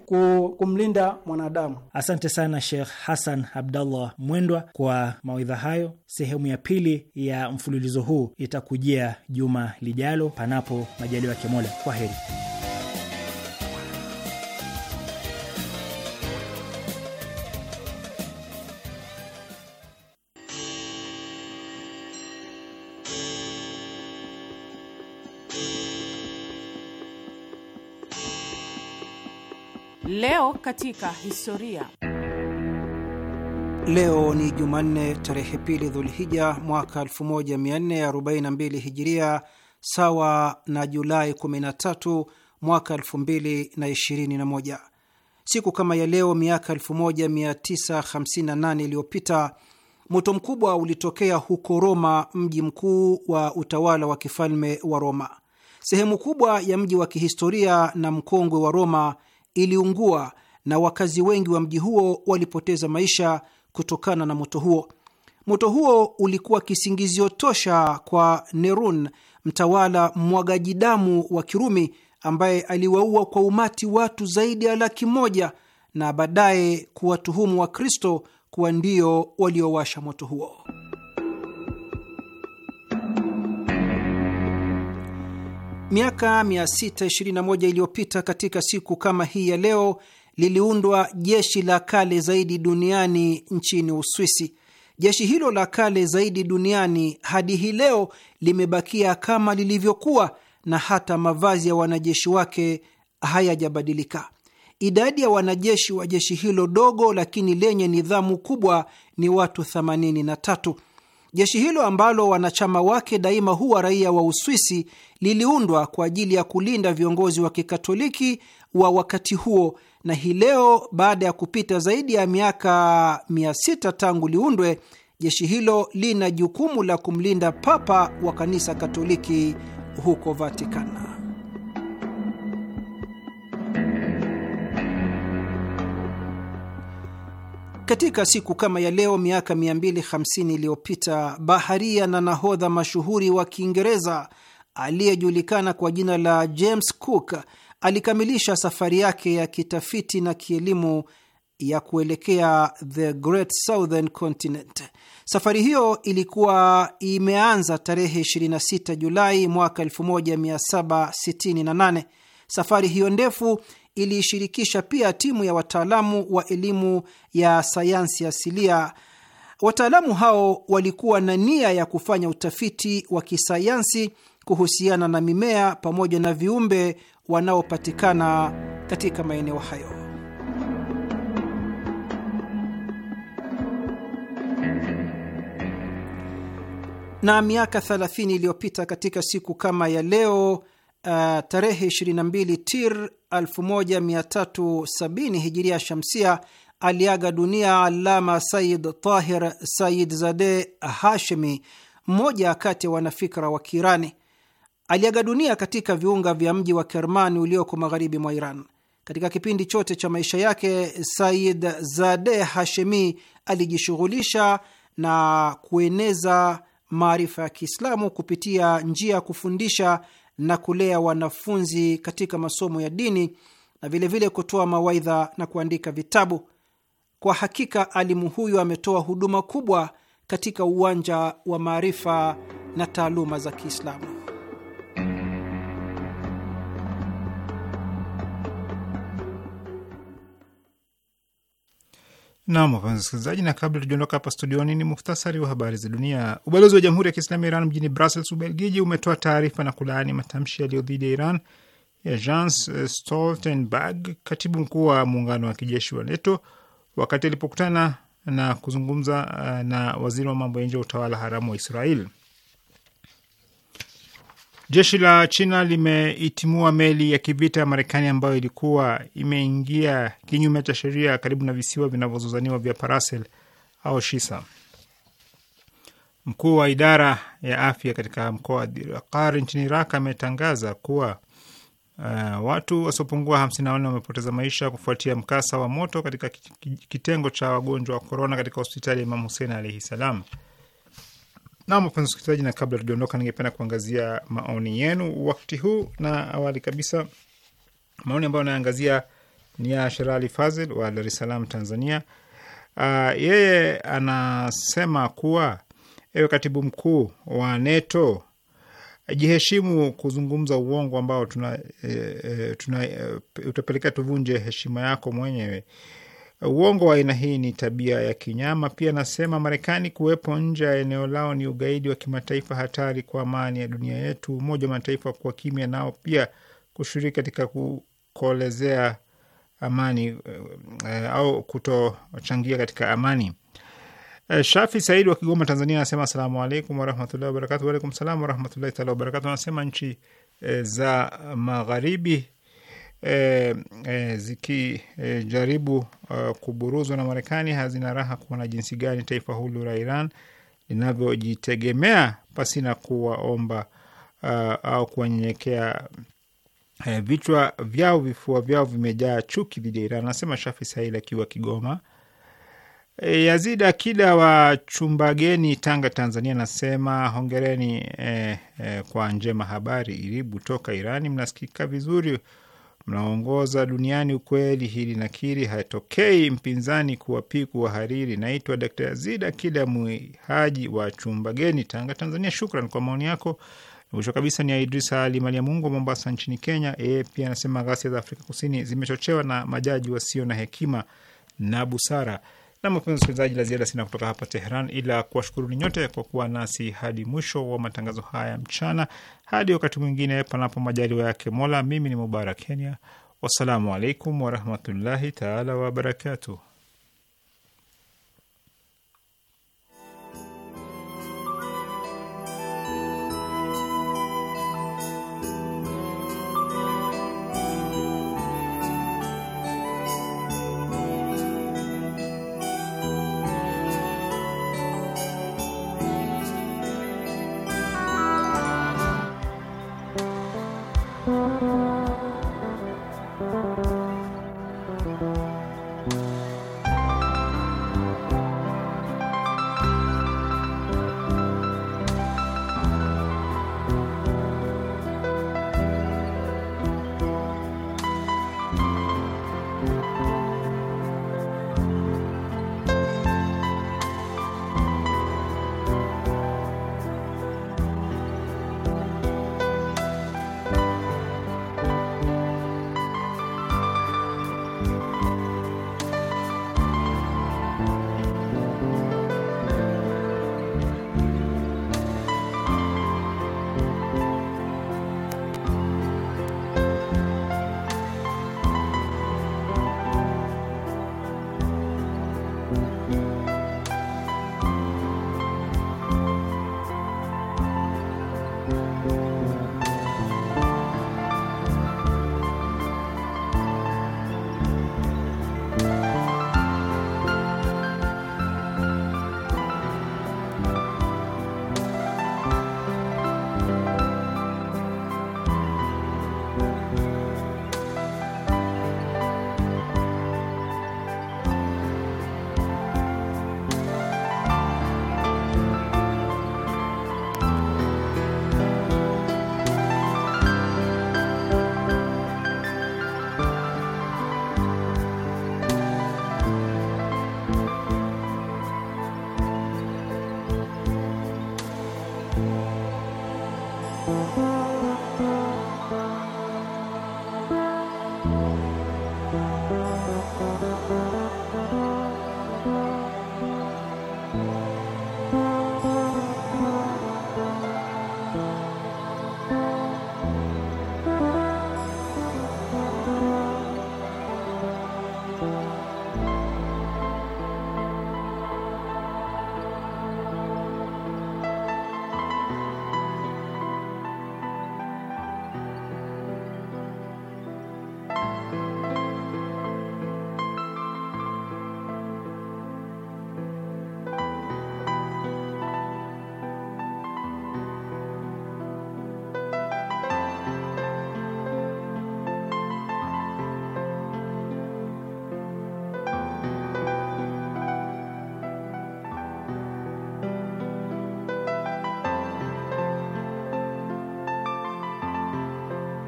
kumlinda mwanadamu. Asante sana Sheikh Hassan Abdallah Mwendwa kwa mawaidha hayo. Sehemu ya pili ya mfululizo huu itakujia juma lijalo, panapo majaliwa ya Mola. Kwa heri. Leo katika historia. Leo ni Jumanne tarehe pili Dhulhija mwaka 1442 Hijiria, sawa na Julai 13 mwaka 2021. Siku kama ya leo miaka 1958 iliyopita moto mkubwa ulitokea huko Roma, mji mkuu wa utawala wa kifalme wa Roma. Sehemu kubwa ya mji wa kihistoria na mkongwe wa Roma iliungua na wakazi wengi wa mji huo walipoteza maisha kutokana na moto huo. Moto huo ulikuwa kisingizio tosha kwa Nerun, mtawala mwagaji damu wa Kirumi, ambaye aliwaua kwa umati watu zaidi ya laki moja na baadaye kuwatuhumu Wakristo kuwa ndio waliowasha moto huo. Miaka 621 iliyopita katika siku kama hii ya leo liliundwa jeshi la kale zaidi duniani nchini Uswisi. Jeshi hilo la kale zaidi duniani hadi hii leo limebakia kama lilivyokuwa na hata mavazi ya wanajeshi wake hayajabadilika. Idadi ya wanajeshi wa jeshi hilo dogo lakini lenye nidhamu kubwa ni watu 83. Jeshi hilo ambalo wanachama wake daima huwa raia wa Uswisi liliundwa kwa ajili ya kulinda viongozi wa Kikatoliki wa wakati huo, na hii leo baada ya kupita zaidi ya miaka 6 tangu liundwe, jeshi hilo lina jukumu la kumlinda Papa wa Kanisa Katoliki huko Vatikana. Katika siku kama ya leo miaka 250 iliyopita baharia na nahodha mashuhuri wa Kiingereza aliyejulikana kwa jina la James Cook alikamilisha safari yake ya kitafiti na kielimu ya kuelekea the Great Southern Continent. Safari hiyo ilikuwa imeanza tarehe 26 Julai mwaka 1768. Safari hiyo ndefu iliishirikisha pia timu ya wataalamu wa elimu ya sayansi asilia. Wataalamu hao walikuwa na nia ya kufanya utafiti wa kisayansi kuhusiana na mimea pamoja na viumbe wanaopatikana katika maeneo hayo. Na miaka 30 iliyopita katika siku kama ya leo uh, tarehe 22 Tir 1370 hijiria shamsia aliaga dunia Alama Said Tahir said Zade Hashemi, mmoja kati ya wanafikra wa Kiirani. Aliaga dunia katika viunga vya mji wa Kermani ulioko magharibi mwa Iran. Katika kipindi chote cha maisha yake, said Zade Hashemi alijishughulisha na kueneza maarifa ya Kiislamu kupitia njia ya kufundisha na kulea wanafunzi katika masomo ya dini na vilevile kutoa mawaidha na kuandika vitabu. Kwa hakika alimu huyu ametoa huduma kubwa katika uwanja wa maarifa na taaluma za Kiislamu. Nam, wapenzi wasikilizaji, na kabla tujaondoka hapa studioni, ni muhtasari wa habari za dunia. Ubalozi wa Jamhuri ya Kiislamu ya Iran mjini Brussels, Ubelgiji, umetoa taarifa na kulaani matamshi yaliyo dhidi ya Iran ya Jens Stoltenberg, katibu mkuu wa muungano wa kijeshi wa NATO, wakati alipokutana na kuzungumza eh, na waziri wa mambo ya nje wa utawala haramu wa Israel. Jeshi la China limeitimua meli ya kivita ya Marekani ambayo ilikuwa imeingia kinyume cha sheria karibu na visiwa vinavyozozaniwa vya Paracel au Shisa. Mkuu wa idara ya afya katika mkoa wa Dhifqar nchini Iraq ametangaza kuwa uh, watu wasiopungua 54 wamepoteza maisha kufuatia mkasa wa moto katika kitengo cha wagonjwa wa korona katika hospitali ya Imam Husein alaihi salam. Na wapenzi msikilizaji, na kabla tujaondoka, ningependa kuangazia maoni yenu wakati huu, na awali kabisa maoni ambayo anaangazia ni ya Sherali Fazil wa Dar es Salaam, Tanzania. Uh, yeye anasema kuwa ewe katibu mkuu wa NATO, jiheshimu kuzungumza uongo ambao tuna, e, e, tuna e, eh, utapelekea tuvunje heshima yako mwenyewe. Uongo wa aina hii ni tabia ya kinyama. Pia anasema Marekani kuwepo nje ya eneo lao ni ugaidi wa kimataifa, hatari kwa amani ya dunia yetu. Umoja wa Mataifa kwa kimya nao pia kushiriki katika kukolezea amani e, au kutochangia katika amani. E, Shafi Saidi wa Kigoma, Tanzania anasema asalamu alaikum warahmatullahi wabarakatu. Waalaikum salam warahmatullahi taala wabarakatu. Anasema nchi e, za magharibi e, e, zikijaribu e, kuburuzwa na Marekani hazina raha kuona jinsi gani taifa hulu la Iran linavyojitegemea pasina kuwaomba uh, au kuwanyenyekea uh, vichwa vyao. Vifua vyao vimejaa chuki dhidi ya Iran, anasema Shafi Sahil akiwa Kigoma. E, Yazid Akida wa Chumbageni, Tanga, Tanzania, anasema hongereni eh, eh, kwa njema habari iribu toka Irani, mnasikika vizuri mnaongoza duniani. Ukweli hili nakiri, hatokei mpinzani wa hariri Naitwa Dkt. Yazid Akida Mwihaji wa Chumbageni, Tanga, Tanzania. Shukran kwa maoni yako. Mwisho kabisa ni Idrisa Ali malia Mungu wa Mombasa nchini Kenya. Yeye pia anasema ghasia za Afrika Kusini zimechochewa na majaji wasio na hekima na busara. Na mapenzi msikilizaji, la ziada sina kutoka hapa Teheran ila kuwashukuruni nyote kwa kuwa nasi hadi mwisho wa matangazo haya mchana. Hadi wakati mwingine, panapo majaliwa yake Mola. Mimi ni Mubarak Kenya, wassalamu alaikum warahmatullahi taala wabarakatuh.